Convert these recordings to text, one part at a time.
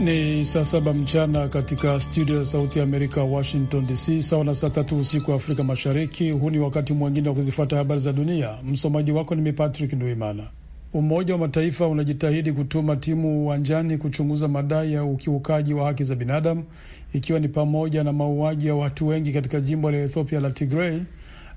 Ni saa saba mchana katika studio ya Sauti ya Amerika, Washington DC, sawa na saa tatu usiku wa Afrika Mashariki. Huu ni wakati mwingine wa kuzifuata habari za dunia. Msomaji wako ni mimi Patrick Nduimana. Umoja wa Mataifa unajitahidi kutuma timu uwanjani kuchunguza madai ya ukiukaji wa haki za binadamu, ikiwa ni pamoja na mauaji ya watu wengi katika jimbo la Ethiopia la Tigray,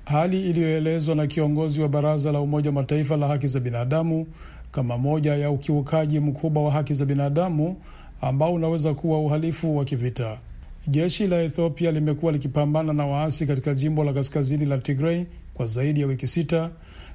hali iliyoelezwa na kiongozi wa Baraza la Umoja wa Mataifa la haki za binadamu kama moja ya ukiukaji mkubwa wa haki za binadamu ambao unaweza kuwa uhalifu wa kivita. Jeshi la Ethiopia limekuwa likipambana na waasi katika jimbo la kaskazini la Tigrei kwa zaidi ya wiki sita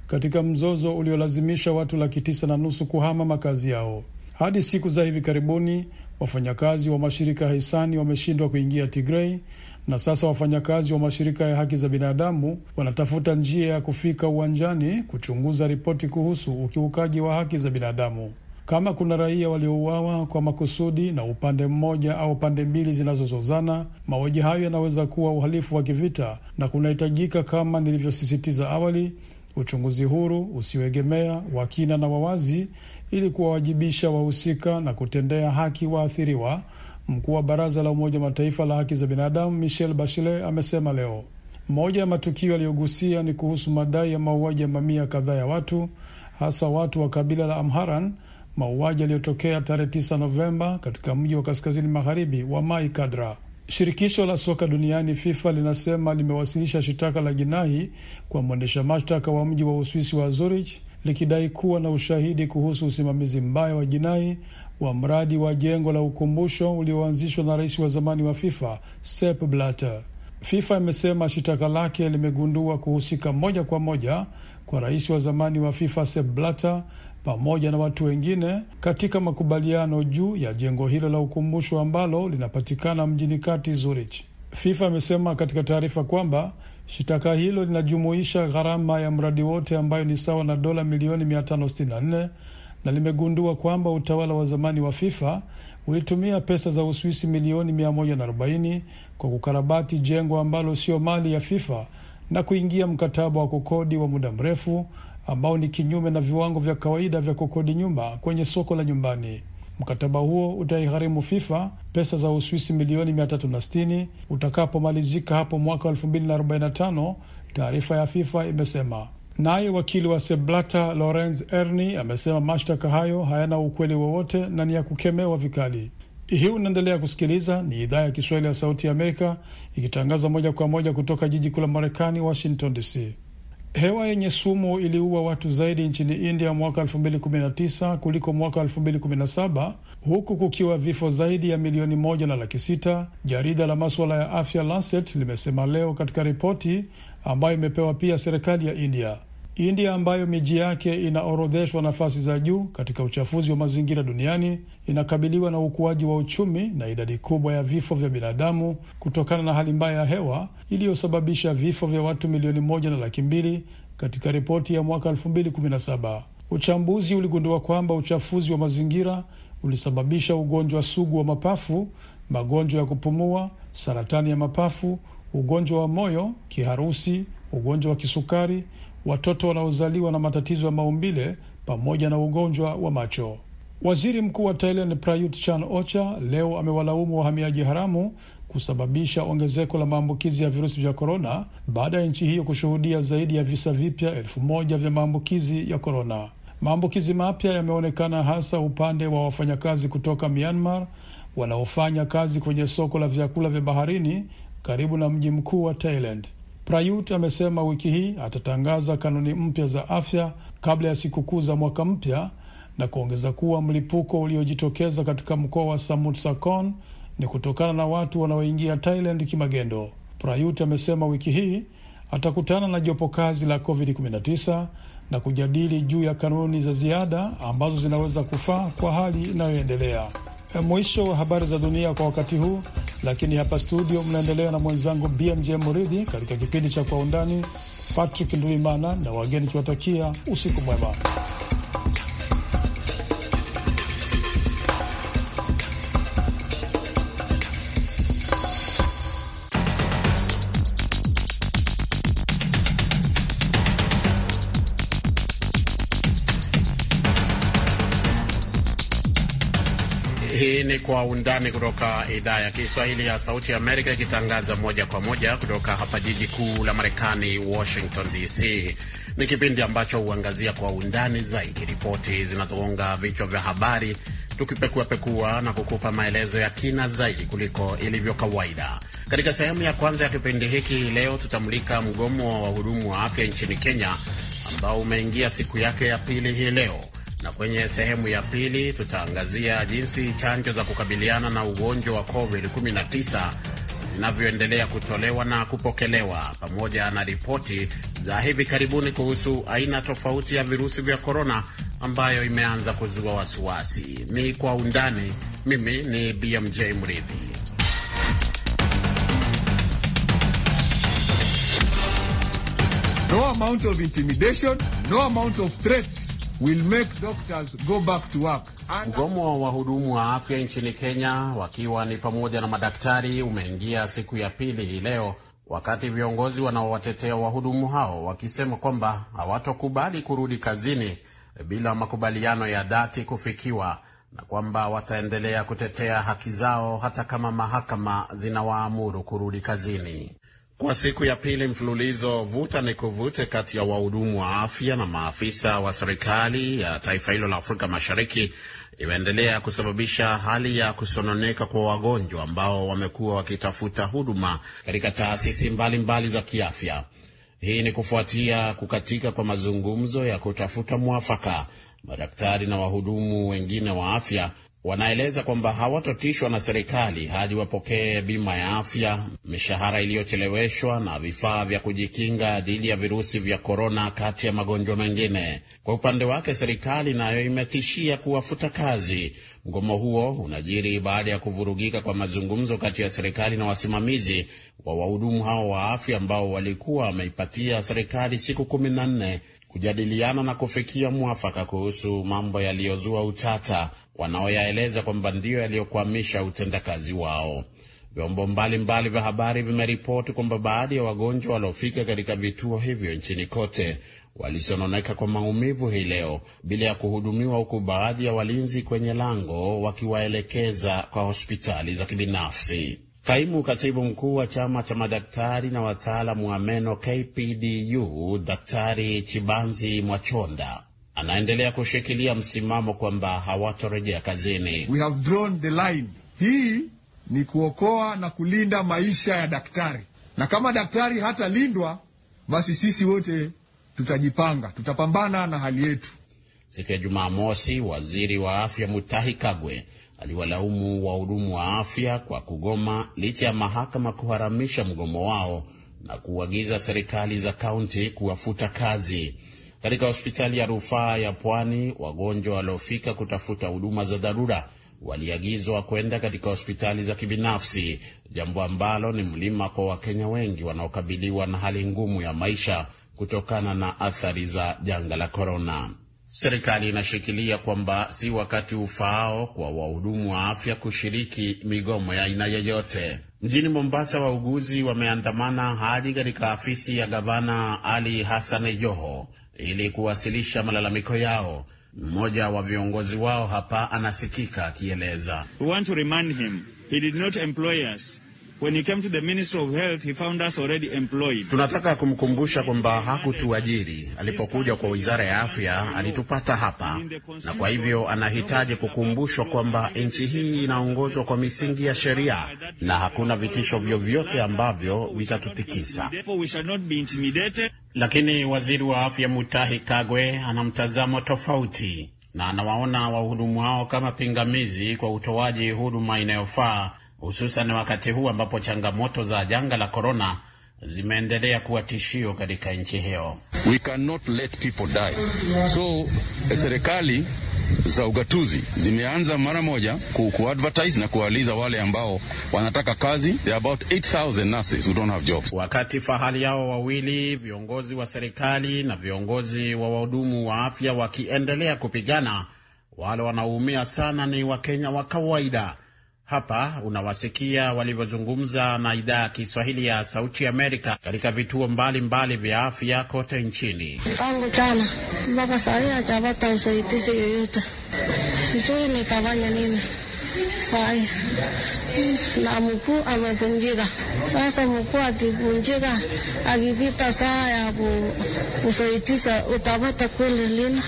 katika mzozo uliolazimisha watu laki tisa na nusu kuhama makazi yao. Hadi siku za hivi karibuni, wafanyakazi wa mashirika hisani wameshindwa kuingia Tigrei, na sasa wafanyakazi wa mashirika ya haki za binadamu wanatafuta njia ya kufika uwanjani kuchunguza ripoti kuhusu ukiukaji wa haki za binadamu. Kama kuna raia waliouawa kwa makusudi na upande mmoja au pande mbili zinazozozana, mauaji hayo yanaweza kuwa uhalifu wa kivita na kunahitajika, kama nilivyosisitiza awali, uchunguzi huru usioegemea wa kina na wawazi ili kuwawajibisha wahusika na kutendea haki waathiriwa. Mkuu wa Baraza la Umoja wa Mataifa la Haki za Binadamu Michel Bachelet amesema leo moja ya matukio yaliyogusia ni kuhusu madai ya mauaji ya mamia kadhaa ya watu hasa watu wa kabila la Amharan mauaji yaliyotokea tarehe 9 Novemba katika mji wa kaskazini magharibi wa Mai Kadra. Shirikisho la soka duniani FIFA linasema limewasilisha shitaka la jinai kwa mwendesha mashtaka wa mji wa Uswisi wa Zurich likidai kuwa na ushahidi kuhusu usimamizi mbaya wa jinai wa mradi wa jengo la ukumbusho ulioanzishwa na rais wa zamani wa FIFA Sepp Blatter. FIFA imesema shitaka lake limegundua kuhusika moja kwa moja kwa rais wa zamani wa FIFA Sepp Blatter pamoja na watu wengine katika makubaliano juu ya jengo hilo la ukumbusho ambalo linapatikana mjini kati Zurich. FIFA amesema katika taarifa kwamba shitaka hilo linajumuisha gharama ya mradi wote ambayo ni sawa na dola milioni 564 na limegundua kwamba utawala wa zamani wa FIFA ulitumia pesa za Uswisi milioni 140 kwa kukarabati jengo ambalo sio mali ya FIFA na kuingia mkataba wa kukodi wa muda mrefu ambao ni kinyume na viwango vya kawaida vya kukodi nyumba kwenye soko la nyumbani. Mkataba huo utaigharimu FIFA pesa za Uswisi milioni 360 utakapomalizika hapo mwaka 2045, taarifa ya FIFA imesema. Naye wakili wa Seblata Lorenz Erni amesema mashtaka hayo hayana ukweli wowote na ni ya kukemewa vikali. Hii unaendelea kusikiliza, ni idhaa ya Kiswahili ya Sauti ya Amerika ikitangaza moja kwa moja kutoka jiji kuu la Marekani, Washington DC. Hewa yenye sumu iliua watu zaidi nchini India mwaka 2019 kuliko mwaka 2017 huku kukiwa vifo zaidi ya milioni moja na laki sita. Jarida la maswala ya afya Lancet limesema leo katika ripoti ambayo imepewa pia serikali ya India. India ambayo miji yake inaorodheshwa nafasi za juu katika uchafuzi wa mazingira duniani inakabiliwa na ukuaji wa uchumi na idadi kubwa ya vifo vya binadamu kutokana na hali mbaya ya hewa iliyosababisha vifo vya watu milioni moja na laki mbili katika ripoti ya mwaka elfu mbili kumi na saba. Uchambuzi uligundua kwamba uchafuzi wa mazingira ulisababisha ugonjwa sugu wa mapafu, magonjwa ya kupumua, saratani ya mapafu, ugonjwa wa moyo, kiharusi ugonjwa wa kisukari, watoto wanaozaliwa na matatizo ya maumbile pamoja na ugonjwa wa macho. Waziri Mkuu wa Thailand Prayut Chan Ocha leo amewalaumu wahamiaji haramu kusababisha ongezeko la maambukizi ya virusi vya korona baada ya nchi hiyo kushuhudia zaidi ya visa vipya elfu moja vya maambukizi ya korona. Maambukizi mapya yameonekana hasa upande wa wafanyakazi kutoka Myanmar wanaofanya kazi kwenye soko la vyakula vya baharini karibu na mji mkuu wa Thailand. Prayut amesema wiki hii atatangaza kanuni mpya za afya kabla ya sikukuu za mwaka mpya na kuongeza kuwa mlipuko uliojitokeza katika mkoa wa Samut ni kutokana na watu wanaoingia Thailand kimagendo. Prayut amesema wiki hii atakutana na jopo kazi la COVID-19 na kujadili juu ya kanuni za ziada ambazo zinaweza kufaa kwa hali inayoendelea. Mwisho wa habari za dunia kwa wakati huu lakini hapa studio mnaendelea na mwenzangu BMJ Muridhi katika kipindi cha Kwa Undani. Patrick Nduimana na wageni kiwatakia usiku mwema. Kwa Undani kutoka idhaa ya Kiswahili ya Sauti Amerika, ikitangaza moja kwa moja kutoka hapa jiji kuu la Marekani, Washington DC. Ni kipindi ambacho huangazia kwa undani zaidi ripoti zinazogonga vichwa vya habari, tukipekuapekua na kukupa maelezo ya kina zaidi kuliko ilivyo kawaida. Katika sehemu ya kwanza ya kipindi hiki leo, tutamulika mgomo wa wahudumu wa afya nchini Kenya ambao umeingia siku yake ya pili hii leo na kwenye sehemu ya pili tutaangazia jinsi chanjo za kukabiliana na ugonjwa wa COVID-19 zinavyoendelea kutolewa na kupokelewa pamoja na ripoti za hivi karibuni kuhusu aina tofauti ya virusi vya korona ambayo imeanza kuzua wasiwasi. Ni kwa undani. Mimi ni BMJ Mridhi. No amount of intimidation, no amount of threats will make doctors go back to work. Mgomo wa wahudumu wa afya nchini Kenya wakiwa ni pamoja na madaktari umeingia siku ya pili hii leo, wakati viongozi wanaowatetea wahudumu hao wakisema kwamba hawatokubali kurudi kazini bila makubaliano ya dhati kufikiwa na kwamba wataendelea kutetea haki zao hata kama mahakama zinawaamuru kurudi kazini. Kwa siku ya pili mfululizo, vuta ni kuvute kati ya wahudumu wa afya na maafisa wa serikali ya taifa hilo la Afrika Mashariki imeendelea kusababisha hali ya kusononeka kwa wagonjwa ambao wamekuwa wakitafuta huduma katika taasisi mbalimbali mbali za kiafya. Hii ni kufuatia kukatika kwa mazungumzo ya kutafuta mwafaka, madaktari na wahudumu wengine wa afya Wanaeleza kwamba hawatotishwa na serikali hadi wapokee bima ya afya, mishahara iliyocheleweshwa na vifaa vya kujikinga dhidi ya virusi vya korona, kati ya magonjwa mengine. Kwa upande wake, serikali nayo imetishia kuwafuta kazi. Mgomo huo unajiri baada ya kuvurugika kwa mazungumzo kati ya serikali na wasimamizi wa wahudumu hao wa afya ambao walikuwa wameipatia serikali siku kumi na nne kujadiliana na kufikia mwafaka kuhusu mambo yaliyozua utata wanaoyaeleza kwamba ndiyo yaliyokwamisha utendakazi wao. Vyombo mbalimbali vya habari vimeripoti kwamba baadhi ya wagonjwa waliofika katika vituo hivyo nchini kote walisononeka kwa maumivu hii leo bila ya kuhudumiwa, huku baadhi ya walinzi kwenye lango wakiwaelekeza kwa hospitali za kibinafsi. Kaimu katibu mkuu wa chama cha madaktari na wataalamu wa meno KPDU, Daktari Chibanzi Mwachonda anaendelea kushikilia msimamo kwamba hawatorejea kazini. We have drawn the line. Hii ni kuokoa na kulinda maisha ya daktari, na kama daktari hatalindwa, basi sisi wote tutajipanga, tutapambana na hali yetu. Siku ya Jumamosi, waziri wa afya Mutahi Kagwe aliwalaumu wahudumu wa afya kwa kugoma licha ya mahakama kuharamisha mgomo wao na kuagiza serikali za kaunti kuwafuta kazi. Katika hospitali ya rufaa ya Pwani, wagonjwa waliofika kutafuta huduma za dharura waliagizwa kwenda katika hospitali za kibinafsi, jambo ambalo ni mlima kwa Wakenya wengi wanaokabiliwa na hali ngumu ya maisha kutokana na athari za janga la korona. Serikali inashikilia kwamba si wakati ufaao kwa wahudumu wa afya kushiriki migomo ya aina yoyote. Mjini Mombasa, wauguzi wameandamana hadi katika afisi ya gavana Ali Hassan Joho ili kuwasilisha malalamiko yao. Mmoja wa viongozi wao hapa anasikika akieleza. We want to remind him. He did not employ us. When he came to the Ministry of Health, he found us already employed. Tunataka kumkumbusha kwamba hakutuajiri. Alipokuja kwa Wizara ya Afya alitupata hapa, na kwa hivyo anahitaji kukumbushwa kwamba nchi hii inaongozwa kwa misingi ya sheria na hakuna vitisho vyovyote ambavyo vitatutikisa. Lakini waziri wa afya Mutahi Kagwe ana mtazamo tofauti na anawaona wahudumu hao kama pingamizi kwa utoaji huduma inayofaa hususan wakati huu ambapo changamoto za janga la korona zimeendelea kuwa tishio katika nchi hiyo. We cannot let people die. So serikali za ugatuzi zimeanza mara moja ku, ku advertise na kuwaliza wale ambao wanataka kazi. There are about 8000 nurses who don't have jobs. Wakati fahali yao wawili viongozi wa serikali na viongozi wa wahudumu wa afya wakiendelea kupigana, wale wanaoumia sana ni Wakenya wa kawaida hapa unawasikia walivyozungumza na idhaa ya Kiswahili ya Sauti Amerika katika vituo mbalimbali vya afya kote nchini. Tangu jana mpaka saa hii hajapata usaidizi yoyote, sijui nitafanya nini saa hii, na mkuu amevunjika. Sasa mkuu akivunjika, akipita saa ya kusaidiza, utapata kweli lina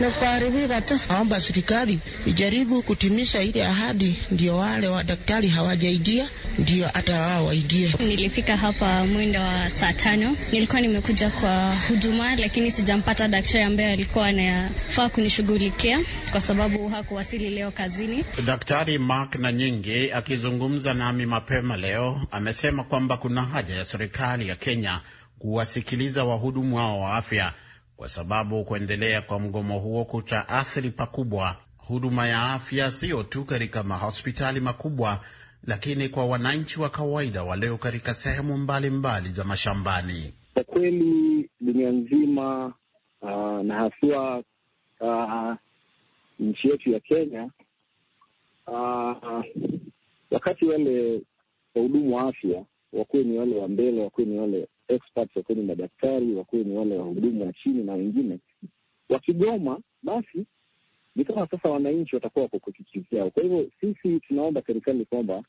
na kuharibika tu. Naomba serikali ijaribu kutimisha ile ahadi, ndio wale wadaktari hawajaingia, ndio hata wao waingie. Nilifika hapa mwendo wa saa tano, nilikuwa nimekuja kwa huduma, lakini sijampata daktari ambaye alikuwa anafaa kunishughulikia kwa sababu hakuwasili leo kazini. Daktari Mark Nanyingi akizungumza nami mapema leo amesema kwamba kuna haja ya serikali ya Kenya kuwasikiliza wahudumu hao wa afya kwa sababu kuendelea kwa mgomo huo athiri pakubwa huduma ya afya, siyo tu katika mahospitali makubwa, lakini kwa wananchi wa kawaida walio katika sehemu mbalimbali za mashambani. Kwa kweli dunia nzima, uh, na haswa uh, nchi yetu ya Kenya, uh, wakati wale wahudumu wa afya wakuwe ni wale wa mbele, wakuwe ni wale experts wakuwe ni madaktari, wakuwe ni wale wahudumu wa chini na wengine. Wakigoma basi ni kama sasa wananchi watakuwa wako kwa kikizi yao. Kwa hivyo sisi tunaomba serikali kwamba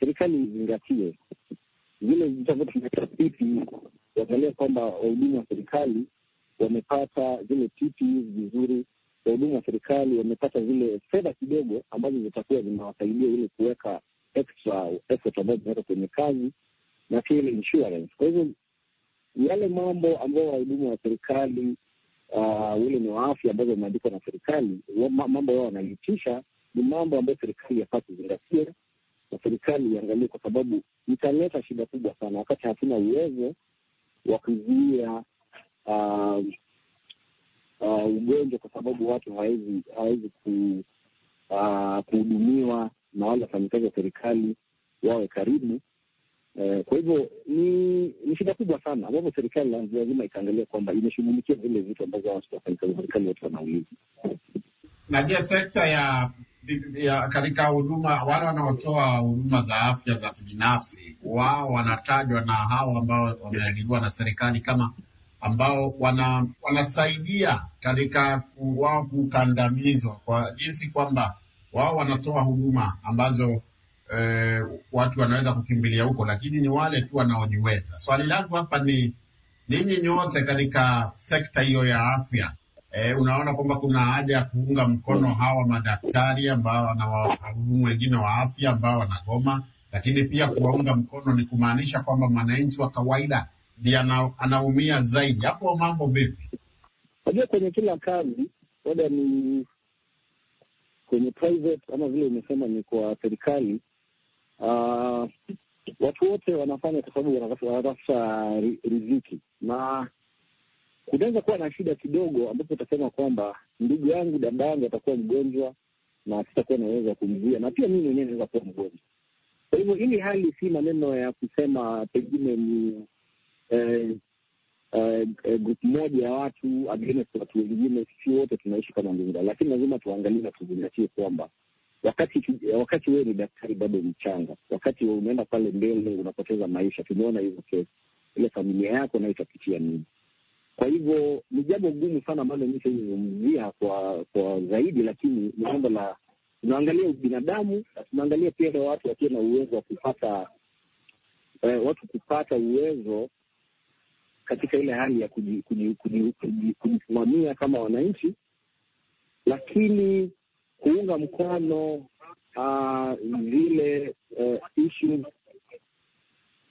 serikali izingatie vile vipi, kuangalia kwamba wahudumu wa serikali wamepata zile PPEs vizuri, wahudumu wa serikali wamepata zile fedha kidogo ambazo zitakuwa zinawasaidia ile kuweka extra effort ambazo zinaweka kwenye kazi na pia ile insurance. Kwa hivyo yale mambo ambayo wahudumu wa serikali ule uh, ni wa afya ambazo wameandikwa na serikali, mambo yao wanaitisha ni mambo ambayo serikali yafaa kuzingatia na serikali iangalie, kwa sababu italeta shida kubwa sana wakati hatuna uwezo wa kuzuia uh, uh, ugonjwa, kwa sababu watu hawawezi ku, uh, kuhudumiwa na wale wafanyikazi wa serikali wawe karibu Eh, kwa hivyo ni ni shida kubwa sana ambavyo serikali lazima ikaangalia kwamba imeshughulikia vile vitu ambavyo serikali wote wanaulizi. Na je, sekta ya, ya katika huduma wale wanaotoa huduma za afya za kibinafsi wao wanatajwa na hao ambao wameajiriwa na serikali kama ambao wana, wanasaidia katika wao kukandamizwa kwa jinsi kwamba wao wanatoa huduma ambazo eh, watu wanaweza kukimbilia huko, lakini ni wale tu wanaojiweza. Swali langu hapa ni ninyi nyote katika sekta hiyo ya afya eh, unaona kwamba kuna haja ya kuunga mkono hawa madaktari ambao na wahudumu wengine wa afya ambao wanagoma, lakini pia kuwaunga mkono ni kumaanisha kwamba mwananchi wa kawaida ndiye anaumia zaidi. Hapo mambo vipi? Unajua, kwenye kila kazi wada ni kwenye private ama vile umesema ni kwa serikali, uh, watu wote wanafanya kwa sababu wanatafuta riziki, na kunaweza kuwa na shida kidogo ambapo utasema kwamba ndugu yangu, dada yangu atakuwa mgonjwa na sitakuwa naweza kumzuia, na pia mimi mwenyewe naweza kuwa mgonjwa. Kwa hivyo hili hali si maneno ya kusema pengine ni eh, eh, eh grupu moja ya watu against watu wengine. Sisi wote tunaishi kama ndugu, lakini lazima tuangalie na tuzingatie kwamba wakati wakati wewe ni daktari bado mchanga, wakati unaenda pale mbele unapoteza maisha. Tumeona hizo kesi, ile familia yako nayo itapitia nini? Kwa hivyo ni jambo gumu sana ambalo mi sizungumzia kwa kwa zaidi, lakini ni jambo la tunaangalia ubinadamu na tunaangalia pia watu wakiwa na uwezo wa kupata eh, watu kupata uwezo katika ile hali ya kujisimamia kama wananchi, lakini kuunga mkono ah, zile uh, uh, issues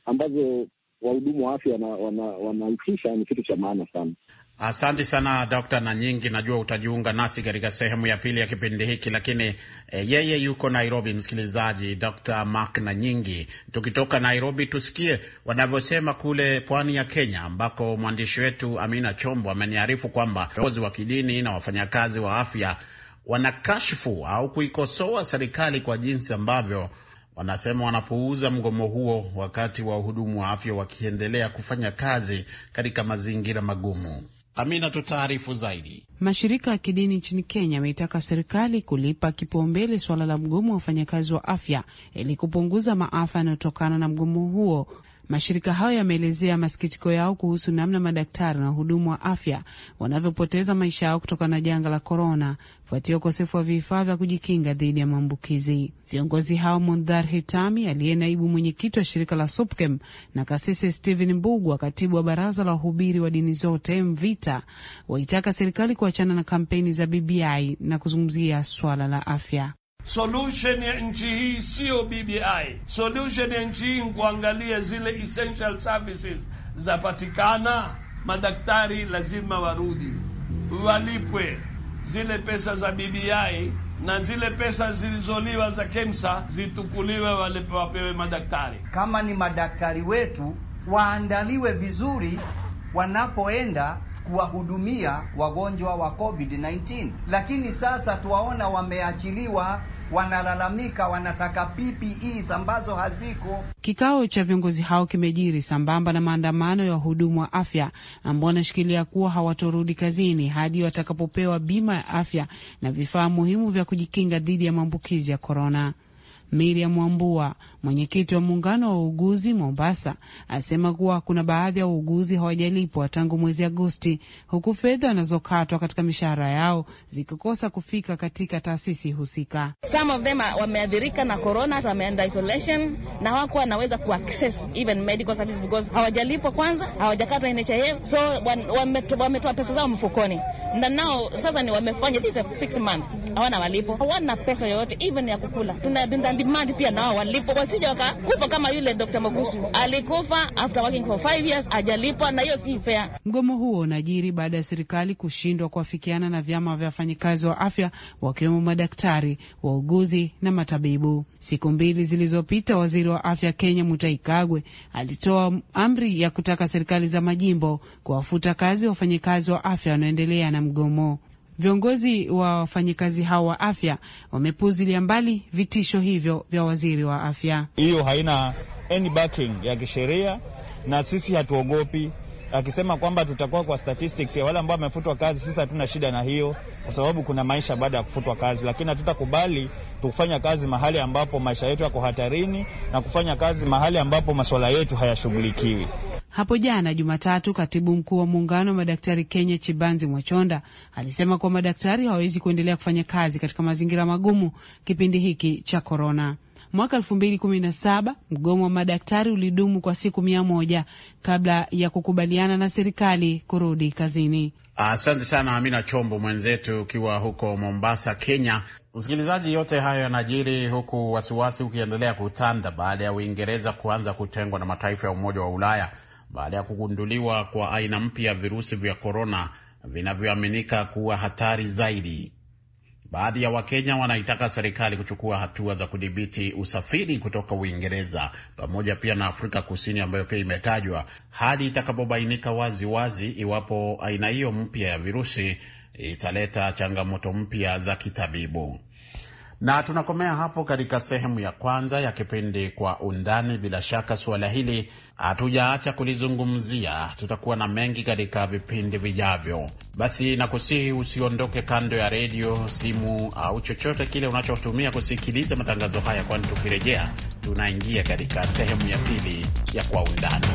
ambazo wahudumu wa afya wanaitisha wana, ni kitu cha maana sana. Asante sana Dokta na nyingi, najua utajiunga nasi katika sehemu ya pili ya kipindi hiki, lakini e, yeye yuko Nairobi. Msikilizaji, Dokta Mark na nyingi, tukitoka Nairobi tusikie wanavyosema kule pwani ya Kenya, ambako mwandishi wetu Amina Chombo ameniarifu kwamba viongozi wa kidini na wafanyakazi wa afya wanakashfu au kuikosoa serikali kwa jinsi ambavyo wanasema wanapuuza mgomo huo, wakati wa wahudumu wa afya wakiendelea kufanya kazi katika mazingira magumu. Amina, tutaarifu zaidi. Mashirika ya kidini nchini Kenya ameitaka serikali kulipa kipaumbele suala la mgomo wa wafanyakazi wa afya ili kupunguza maafa yanayotokana na mgomo huo Mashirika hayo yameelezea masikitiko yao kuhusu namna madaktari na wahudumu wa afya wanavyopoteza maisha yao kutokana na janga la korona kufuatia ukosefu wa vifaa vya kujikinga dhidi ya maambukizi. Viongozi hao Mundhar Hitami aliye naibu mwenyekiti wa shirika la SUPKEM na kasisi Stephen Mbugwa katibu wa baraza la wahubiri wa dini zote MVITA waitaka serikali kuachana na kampeni za BBI na kuzungumzia swala la afya. Solution ya nchi hii siyo BBI. Solution ya nchi hii kuangalia zile essential services zapatikana, madaktari lazima warudi walipwe zile pesa za BBI na zile pesa zilizoliwa za KEMSA zitukuliwe, wale wapewe madaktari. Kama ni madaktari wetu waandaliwe vizuri wanapoenda kuwahudumia wagonjwa wa COVID-19, lakini sasa tuwaona wameachiliwa wanalalamika wanataka PPE ambazo haziko. Kikao cha viongozi hao kimejiri sambamba na maandamano ya wahudumu wa afya ambao wanashikilia kuwa hawatorudi kazini hadi watakapopewa bima ya afya na vifaa muhimu vya kujikinga dhidi ya maambukizi ya korona. Miriam Wambua, Mwenyekiti wa muungano wa uuguzi Mombasa asema kuwa kuna baadhi ya wauguzi hawajalipwa tangu mwezi Agosti, huku fedha wanazokatwa katika mishahara yao zikikosa kufika katika taasisi husika. Some of them wameathirika na corona, wameenda isolation na hawako wanaweza kuaccess even medical service because hawajalipwa kwanza, hawajakatwa NHIF, so wametoa wame pesa zao mfukoni na nao sasa ni wamefanya this six month, hawana walipo, hawana pesa yoyote even ya kukula. Tuna demand pia nao walipo wasije wakakufa kama yule Dr. Magusu alikufa after working for five years ajalipwa, na hiyo si fair. Mgomo huo unajiri baada ya serikali kushindwa kuafikiana na vyama vya wafanyikazi wa afya wakiwemo madaktari, wauguzi na matabibu. Siku mbili zilizopita, waziri wa afya Kenya Mutahi Kagwe alitoa amri ya kutaka serikali za majimbo kuwafuta kazi wafanyikazi wa afya wanaoendelea na mgomo. Viongozi wa wafanyikazi hao wa afya wamepuzilia mbali vitisho hivyo vya waziri wa afya. Hiyo haina any backing ya kisheria, na sisi hatuogopi akisema kwamba tutakuwa kwa statistics ya wale ambao wamefutwa kazi. Sisi hatuna shida na hiyo, kwa sababu kuna maisha baada ya kufutwa kazi, lakini hatutakubali tukufanya kazi mahali ambapo maisha yetu yako hatarini na kufanya kazi mahali ambapo masuala yetu hayashughulikiwi. Hapo jana Jumatatu, katibu mkuu wa muungano wa madaktari Kenya Chibanzi Mwachonda alisema kuwa madaktari hawawezi kuendelea kufanya kazi katika mazingira magumu kipindi hiki cha korona. Mwaka saba mgomo wa madaktari ulidumu kwa siku mia moja kabla ya kukubaliana na serikali kurudi kazini. Asante sana Amina Chombo mwenzetu ukiwa huko Mombasa, Kenya. Msikilizaji, yote hayo yanajiri huku wasiwasi ukiendelea kutanda baada ya Uingereza kuanza kutengwa na mataifa ya Umoja wa Ulaya baada ya kugunduliwa kwa aina mpya ya virusi vya korona vinavyoaminika kuwa hatari zaidi. Baadhi ya Wakenya wanaitaka serikali kuchukua hatua za kudhibiti usafiri kutoka Uingereza pamoja pia na Afrika Kusini ambayo pia imetajwa hadi itakapobainika wazi wazi iwapo aina hiyo mpya ya virusi italeta changamoto mpya za kitabibu. Na tunakomea hapo katika sehemu ya kwanza ya kipindi Kwa Undani. Bila shaka suala hili hatujaacha kulizungumzia, tutakuwa na mengi katika vipindi vijavyo. Basi nakusihi usiondoke kando ya redio, simu au chochote kile unachotumia kusikiliza matangazo haya, kwani tukirejea tunaingia katika sehemu ya pili ya Kwa Undani.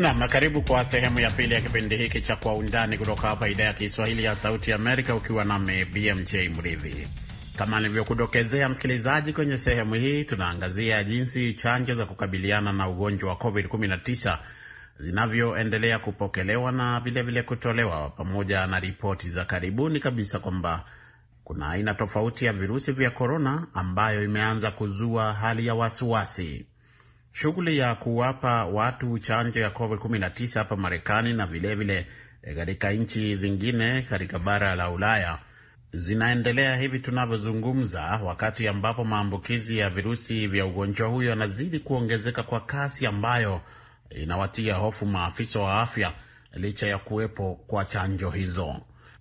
Nam, karibu kwa sehemu ya pili ya kipindi hiki cha Kwa Undani kutoka hapa idhaa ya Kiswahili ya Sauti ya Amerika, ukiwa nami BMJ Mridhi. Kama nilivyokudokezea msikilizaji, kwenye sehemu hii tunaangazia jinsi chanjo za kukabiliana na ugonjwa wa COVID-19 zinavyoendelea kupokelewa na vilevile kutolewa, pamoja na ripoti za karibuni kabisa kwamba kuna aina tofauti ya virusi vya korona ambayo imeanza kuzua hali ya wasiwasi. Shughuli ya kuwapa watu chanjo ya COVID-19 hapa Marekani na vilevile eh, katika nchi zingine katika bara la Ulaya zinaendelea hivi tunavyozungumza, wakati ambapo maambukizi ya virusi vya ugonjwa huyo yanazidi kuongezeka kwa kasi ambayo inawatia hofu maafisa wa afya licha ya kuwepo kwa chanjo hizo.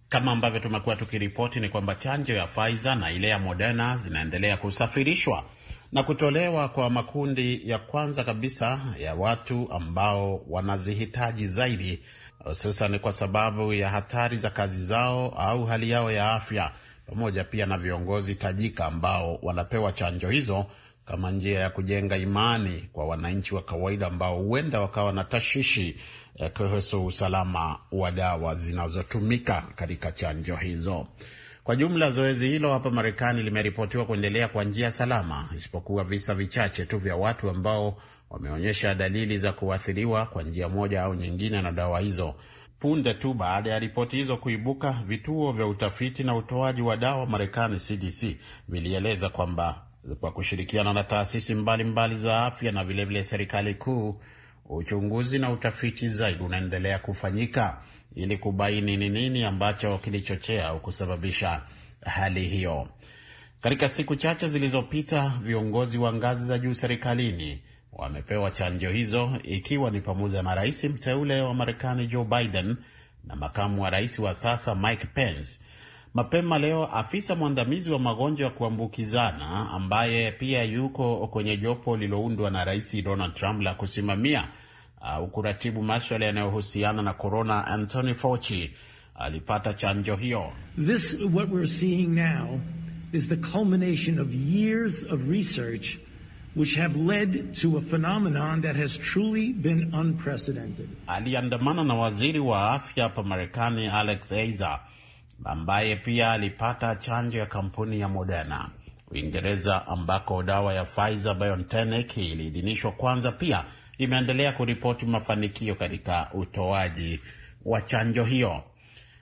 Kama ambavyo tumekuwa tukiripoti, ni kwamba chanjo ya Pfizer na ile ya Moderna zinaendelea kusafirishwa na kutolewa kwa makundi ya kwanza kabisa ya watu ambao wanazihitaji zaidi, hususan kwa sababu ya hatari za kazi zao au hali yao ya afya, pamoja pia na viongozi tajika ambao wanapewa chanjo hizo kama njia ya kujenga imani kwa wananchi wa kawaida ambao huenda wakawa na tashishi eh, kuhusu usalama wa dawa zinazotumika katika chanjo hizo. Kwa jumla, zoezi hilo hapa Marekani limeripotiwa kuendelea kwa njia salama, isipokuwa visa vichache tu vya watu ambao wameonyesha dalili za kuathiriwa kwa njia moja au nyingine na dawa hizo. Punde tu baada ya ripoti hizo kuibuka, vituo vya utafiti na utoaji wa dawa Marekani, CDC, vilieleza kwamba kwa kushirikiana na taasisi mbalimbali za afya na vilevile serikali kuu, uchunguzi na utafiti zaidi unaendelea kufanyika ili kubaini ni nini ambacho kilichochea au kusababisha hali hiyo. Katika siku chache zilizopita, viongozi wa ngazi za juu serikalini wamepewa chanjo hizo ikiwa ni pamoja na rais mteule wa Marekani Joe Biden na makamu wa rais wa sasa Mike Pence. Mapema leo, afisa mwandamizi wa magonjwa ya kuambukizana ambaye pia yuko kwenye jopo lililoundwa na rais Donald Trump la kusimamia au uh, kuratibu maswala yanayohusiana na korona, Anthony Fauci alipata chanjo hiyo. This what we're seeing now is the culmination of years of research which have led to a phenomenon that has truly been unprecedented. Aliandamana na waziri wa afya hapa Marekani Alex Azar ambaye pia alipata chanjo ya kampuni ya Moderna Uingereza, ambako dawa ya Pfizer BioNTech iliidhinishwa kwanza pia imeendelea kuripoti mafanikio katika utoaji wa chanjo hiyo.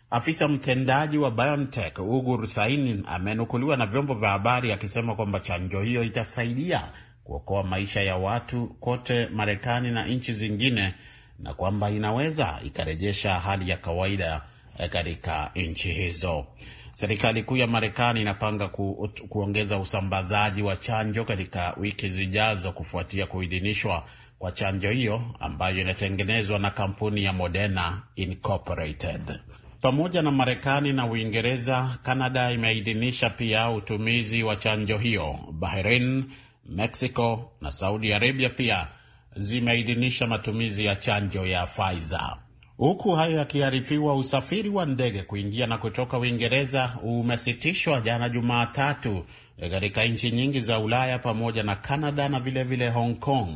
Afisa mtendaji wa BioNTech Ugur sain amenukuliwa na vyombo vya habari akisema kwamba chanjo hiyo itasaidia kuokoa maisha ya watu kote Marekani na nchi zingine na kwamba inaweza ikarejesha hali ya kawaida eh, katika nchi hizo. Serikali kuu ya Marekani inapanga ku, kuongeza usambazaji wa chanjo katika wiki zijazo kufuatia kuidhinishwa kwa chanjo hiyo ambayo inatengenezwa na kampuni ya Moderna Incorporated. Pamoja na Marekani na Uingereza, Kanada imeidhinisha pia utumizi wa chanjo hiyo. Bahrain, Mexico na Saudi Arabia pia zimeidhinisha matumizi ya chanjo ya Pfizer. Huku hayo yakiharifiwa usafiri wa ndege kuingia na kutoka Uingereza umesitishwa jana Jumatatu katika nchi nyingi za Ulaya pamoja na Kanada na vilevile vile Hong Kong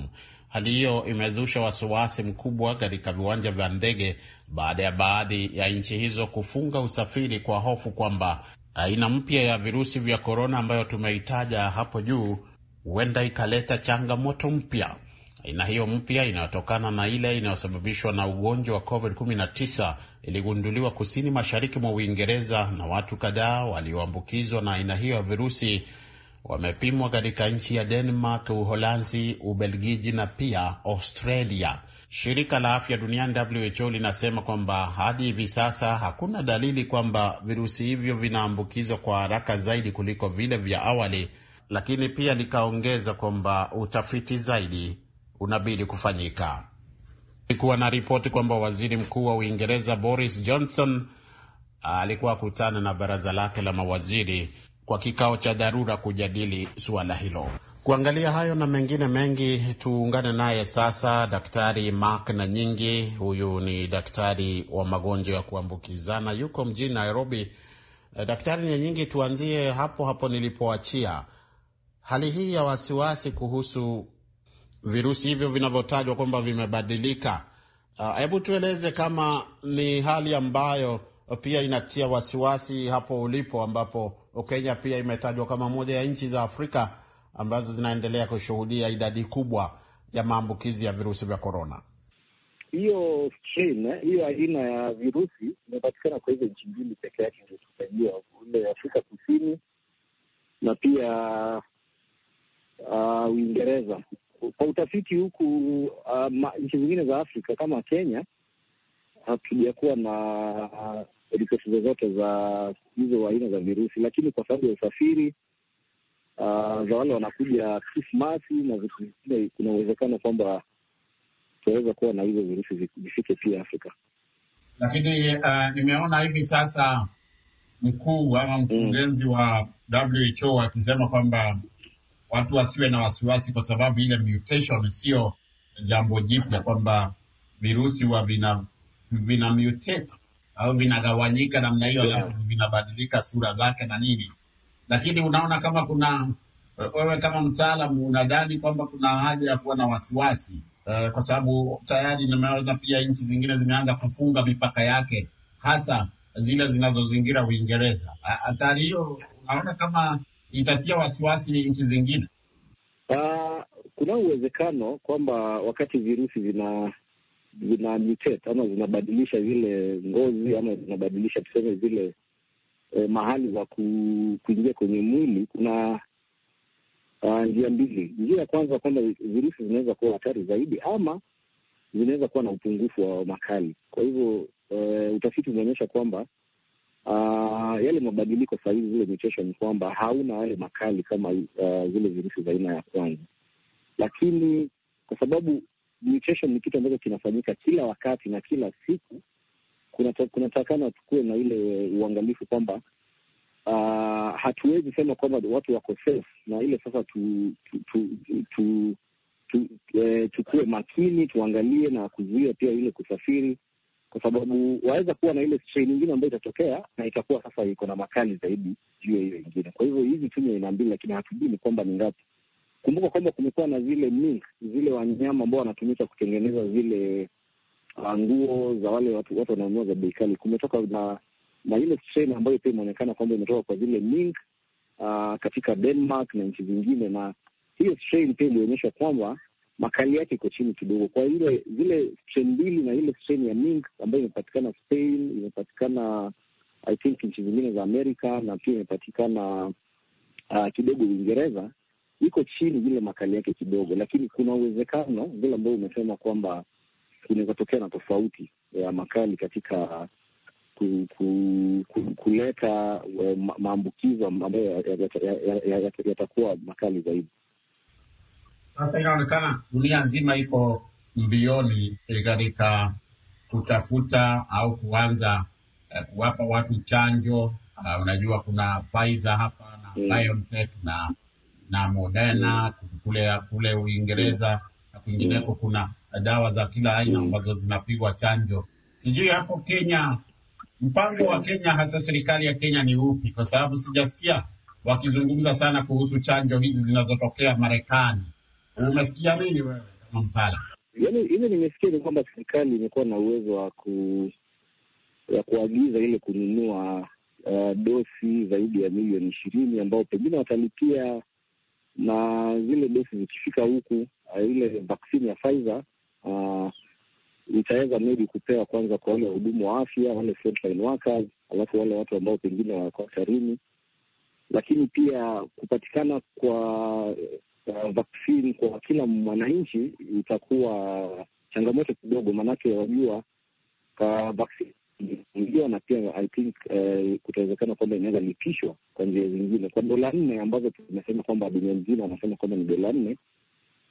Hali hiyo imezusha wasiwasi mkubwa katika viwanja vya ndege baada ya baadhi ya nchi hizo kufunga usafiri kwa hofu kwamba aina mpya ya virusi vya korona ambayo tumeitaja hapo juu huenda ikaleta changamoto mpya. Aina hiyo mpya inayotokana na ile inayosababishwa na ugonjwa wa COVID-19 iligunduliwa kusini mashariki mwa Uingereza na watu kadhaa walioambukizwa na aina hiyo ya virusi wamepimwa katika nchi ya Denmark, Uholanzi, Ubelgiji na pia Australia. Shirika la afya duniani WHO linasema kwamba hadi hivi sasa hakuna dalili kwamba virusi hivyo vinaambukizwa kwa haraka zaidi kuliko vile vya awali, lakini pia likaongeza kwamba utafiti zaidi unabidi kufanyika. Kulikuwa na ripoti kwamba waziri mkuu wa Uingereza Boris Johnson alikuwa akutana na baraza lake la mawaziri kwa kikao cha dharura kujadili suala hilo. Kuangalia hayo na mengine mengi, tuungane naye sasa Daktari Mark na Nyingi. Huyu ni daktari wa magonjwa ya kuambukizana yuko mjini Nairobi. Eh, daktari na Nyingi, tuanzie hapo hapo nilipoachia. Hali hii ya wasiwasi kuhusu virusi hivyo vinavyotajwa kwamba vimebadilika, ah, hebu uh, tueleze kama ni hali ambayo pia inatia wasiwasi hapo ulipo ambapo Kenya pia imetajwa kama moja ya nchi za Afrika ambazo zinaendelea kushuhudia idadi kubwa ya maambukizi ya virusi vya korona. Hiyo strain hiyo aina ya virusi imepatikana kwa hizo nchi mbili peke yake, ndio tutajua ule Afrika Kusini na pia uh, Uingereza. Kwa utafiti huku uh, nchi zingine za Afrika kama Kenya hatujakuwa na uh, ripoti zozote za hizo aina za virusi, lakini kwa sababu ya usafiri uh, za wale wanakuja Krismasi na vitu vingine, kuna uwezekano kwamba tunaweza kuwa na hizo virusi vifike pia Afrika. Lakini uh, nimeona hivi sasa mkuu ama mkurugenzi mm. wa WHO akisema kwamba watu wasiwe na wasiwasi kwa sababu ile mutation sio jambo jipya, kwamba virusi wa vina, vina mutate au vinagawanyika namna hiyo yeah. Alafu vinabadilika sura zake na nini, lakini unaona kama kuna wewe kama mtaalamu unadhani kwamba kuna haja ya kuwa na wasiwasi uh, kwa sababu tayari nimeona pia nchi zingine zimeanza kufunga mipaka yake hasa zile zinazozingira Uingereza. Ah, hatari hiyo unaona kama itatia wasiwasi nchi zingine? Uh, kuna uwezekano kwamba wakati virusi vina zina mutate ama zinabadilisha zile ngozi ama zinabadilisha tuseme zile eh, mahali za kuingia kwenye mwili. Kuna uh, njia mbili. Njia ya kwanza kwamba virusi zinaweza kuwa hatari zaidi ama zinaweza kuwa na upungufu wa makali. Kwa hivyo uh, utafiti umeonyesha kwamba Uh, yale mabadiliko sahizi zile mutation kwamba hauna yale makali kama uh, zile virusi za aina ya kwanza, lakini kwa sababu nutrition ni kitu ambacho kinafanyika kila wakati na kila siku. Kunatakana tukuwe na ile uangalifu kwamba uh, hatuwezi sema kwamba watu wako safe, na ile sasa tu, tu, tu, tu, tu, eh, tukuwe makini, tuangalie na kuzuia pia ile kusafiri, kwa sababu waweza kuwa na ile strain nyingine ambayo itatokea na itakuwa sasa iko na makali zaidi juu ya hiyo ingine. Kwa hivyo hizi tu mia mbili, lakini hatujui ni kwamba ni ngapi Kumbuka kwamba kumekuwa na zile mix, zile wanyama ambao wanatumika kutengeneza zile ah, nguo za wale watu watu wanaonunua za bei kali. Kumetoka na na ile strain ambayo pia imeonekana kwamba imetoka kwa zile mink uh, katika Denmark na nchi zingine, na hiyo strain pia ilionyesha kwamba makali yake iko chini kidogo kwa ile zile strain mbili, na ile strain ya mink ambayo imepatikana Spain, imepatikana I think nchi zingine za Amerika na pia imepatikana uh, kidogo Uingereza iko chini vile makali yake kidogo, lakini kuna uwezekano vile ambao umesema kwamba kunaweza tokea na tofauti ya makali katika ku, ku, ku, kuleta eh, maambukizo ambayo yatakuwa makali zaidi. Sasa inaonekana dunia nzima iko mbioni eh, katika kutafuta au kuanza eh, kuwapa watu chanjo. Uh, unajua kuna Pfizer hapa na mm. BioNTech na na Moderna kule, kule Uingereza na kwingineko kuna dawa za kila aina mm. ambazo zinapigwa chanjo. Sijui hapo Kenya, mpango wa Kenya hasa serikali ya Kenya ni upi? Kwa sababu sijasikia wakizungumza sana kuhusu chanjo hizi zinazotokea Marekani. Umesikia nini wewe kama mtaalamu? Yani, hivyo yaani nimesikia ni kwamba serikali imekuwa na uwezo wa ku ya kuagiza ile kununua uh, dosi zaidi ya milioni ishirini ambao pengine watalipia na zile dosi zikifika huku ah, ile vaksini ya Pfizer uh, itaweza maybe kupewa kwanza kwa wale wahudumu wa afya, wale frontline workers, alafu wale watu ambao pengine wako hatarini. Lakini pia kupatikana kwa uh, ah, vaksini kwa kila mwananchi itakuwa changamoto kidogo, maanake wajua vaksini kujifungia na pia I think uh, kutawezekana kwamba inaweza lipishwa kwa njia zingine, kwa dola nne ambazo tunasema kwamba dunia nzima wanasema kwamba ni dola nne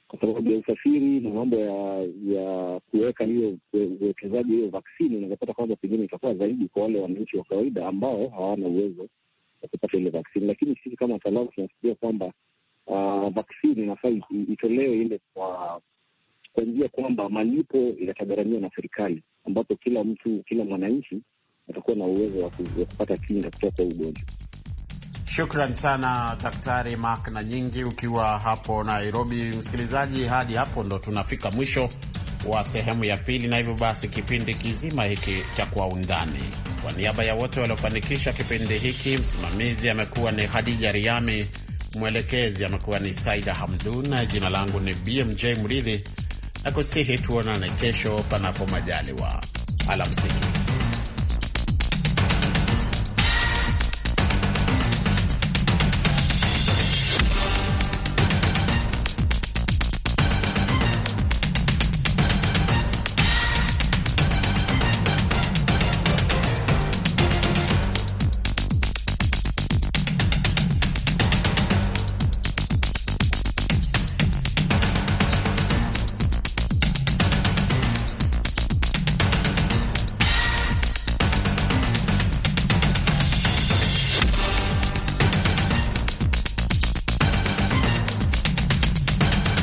kwa sababu ya usafiri na mambo ya ya kuweka hiyo uwekezaji hiyo vaksini, unawezapata kwamba pengine itakuwa zaidi kwa wale wananchi wa kawaida ambao hawana uwezo wa kupata ile vaksini. Lakini sisi kama wataalamu tunafikiria kwamba ah, vaksini inafaa itolewe ile kwa kwa njia kwamba malipo yatagharamiwa na serikali, ambapo kila mtu, kila mwananchi atakuwa na uwezo wa kupata kinga kutoka kwa ugonjwa. Shukran sana Daktari Mark na Nyingi, ukiwa hapo Nairobi. Msikilizaji, hadi hapo ndo tunafika mwisho wa sehemu ya pili, na hivyo basi kipindi kizima hiki cha Kwa Undani, kwa niaba ya wote waliofanikisha kipindi hiki, msimamizi amekuwa ni Hadija Riami, mwelekezi amekuwa ni Saida Hamdun, jina langu ni BMJ Mridhi na kusihi tuonane kesho, panapo majaliwa. Alamsiki.